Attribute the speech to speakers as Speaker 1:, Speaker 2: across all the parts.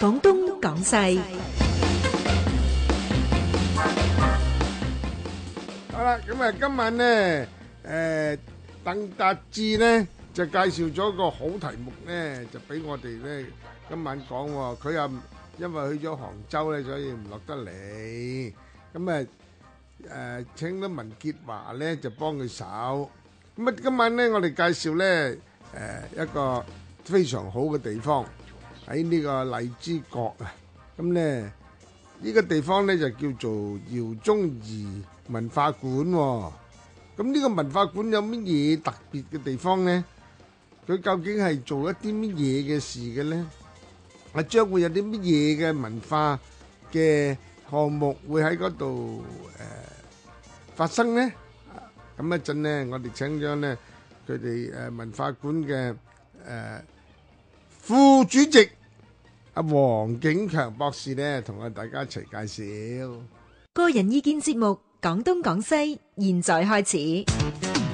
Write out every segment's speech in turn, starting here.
Speaker 1: 講東講西，好啦，咁啊，今晚咧，誒，鄧達智咧就介紹咗個好題目咧，就俾我哋咧今晚講。佢又因為去咗杭州咧，所以唔落得嚟。咁啊，誒，請咗文潔華咧就幫佢手。咁啊，今晚咧，我哋介紹咧，誒，一個非常好嘅地方。喺呢個荔枝角啊，咁咧呢個地方咧就叫做饒宗頤文化館，咁呢個文化館有乜嘢特別嘅地方咧？佢究竟係做一啲乜嘢嘅事嘅咧？啊，將會有啲乜嘢嘅文化嘅項目會喺嗰度誒發生咧？咁一陣咧，我哋請咗咧佢哋誒文化館嘅誒。副主席阿黃景強博士呢，同我哋大家一齊介紹個人意見節目，講東講西，現在開始。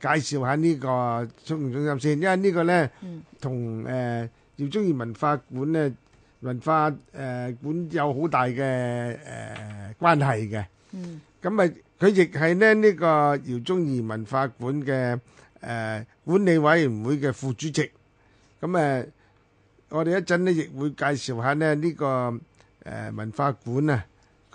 Speaker 1: 介紹下呢、這個沖繩中心先，因為呢個呢同誒、呃、饒宗頤文化館呢文化誒、呃、館有好大嘅誒、呃、關係嘅。咁啊、嗯，佢亦係咧呢、這個饒宗頤文化館嘅誒、呃、管理委員會嘅副主席。咁、嗯、誒、呃，我哋一陣呢亦會介紹下咧呢、這個誒、呃、文化館啊。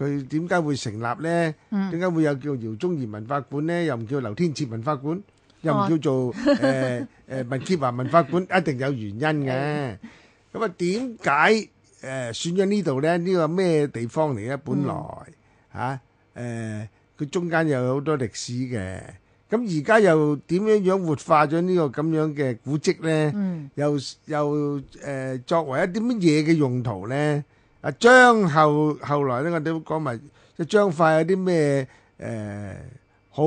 Speaker 1: 佢點解會成立呢？點解會有叫饒宗頤文化館呢？又唔叫劉天賜文化館，
Speaker 2: 又唔叫做
Speaker 1: 誒誒文潔華文化館，一定有原因嘅。咁啊，點解誒選咗呢度呢？呢個咩地方嚟嘅？本來嚇誒，佢中間又有好多歷史嘅。咁而家又點樣樣活化咗呢個咁樣嘅古蹟呢？又又誒作為一啲乜嘢嘅用途呢？啊張後後來咧，我哋會講埋即係張快有啲咩誒好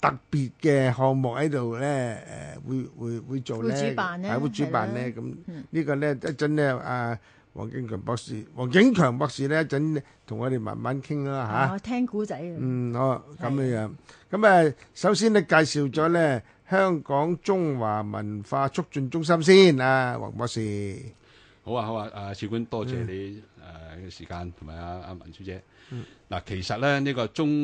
Speaker 1: 特別嘅項目喺度咧誒，會會會做咧，會主辦咧，係會主辦咧。咁呢個咧一陣咧啊黃景強博士，黃景強博士咧一陣同我哋慢慢傾啦嚇。哦，聽古仔啊！嗯，好咁嘅樣。咁啊，首先咧介紹咗咧香港中華文化促進中心先啊，黃博士。好啊，好啊，好啊，賜官多謝你誒嘅時間同埋啊啊，文小姐。嗯嗱、啊，其實咧呢、個中。